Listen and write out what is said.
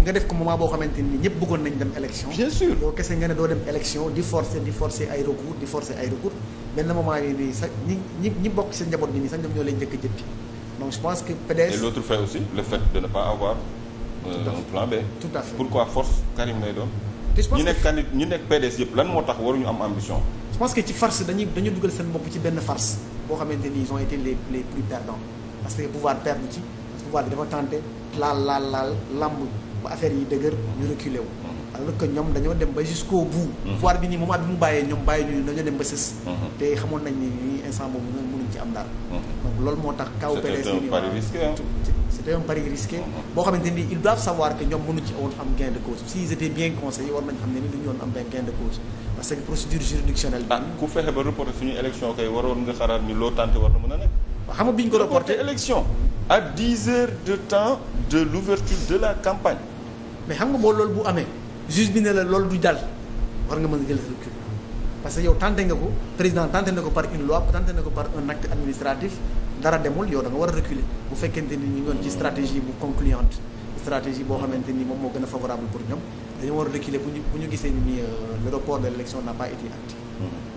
nga def ko moment boo xamante ni ñëpp bëggoon nañ dem élection. bien sûr yow kese nga ne doo dem élection di forcer di forcer ay recours di forcer ay recours benn moment yi nii sax ñi ñi ñi bokk seen njaboot bi nii sax ñoom ñoo leen njëkk a jëppi donc je pense que PDS. et l'autre fait aussi le fait de ne pas avoir. Euh, un plan B. tout à fait pourquoi force Karim lay doon. te je pense ñi nekk candid ñi nekk PDS yëpp lan moo tax waruñu am ambition. je pense que ci farce dañuy dañu dugal seen bopp ci benn farce boo xamante ni ils ont été les les plus perdants parce que pouvoir perdre ci pouvoir bi dafa tenté laal laal laal làmb. ba affaire yi dëgër ñu reculé wu. alors que ñoom dañoo dem ba jusqu'au bout. Mhm. pouvoir bi nii moment bi mu bàyyee ñoom bàyyi ñu dañoo dem ba sës. Mhm. te xamoon nañ ne nii instant boobu ñoom mënuñ am dara. Mhm. donc moo tax. kaw PDS bi c'était un pari risqué. boo xamante ni ils doivent savoir que ñoom mënu ci woon am gain de cause s'ils étaient bien conseillés war nañ xam ne ni duñu woon am benn cause parce que procédure juridictionnelle bi. ah ku fexe ba reporter suñu élection kay waroon nga xalaat ni loo tante war na mën a nekk xam nga bi ñu ko reporté élection a dix heures de temps de l'ouverture de la campagne mais xam nga boo lool bu amee juge bi ne la lool du dal war nga mën a jël sa recul parce que yow tenté nga ko président tenté na ko par une loi tenté na ko par un acte administratif dara demul yow da war a reculer bu fekkente ni ñu ngi woon ci stratégie bu concluante stratégie boo xamante ni moom moo gën a favorable pour ñoom dañoo war a reculer bu ñu bu ñu gisee ni euh, le report de l'élection n'a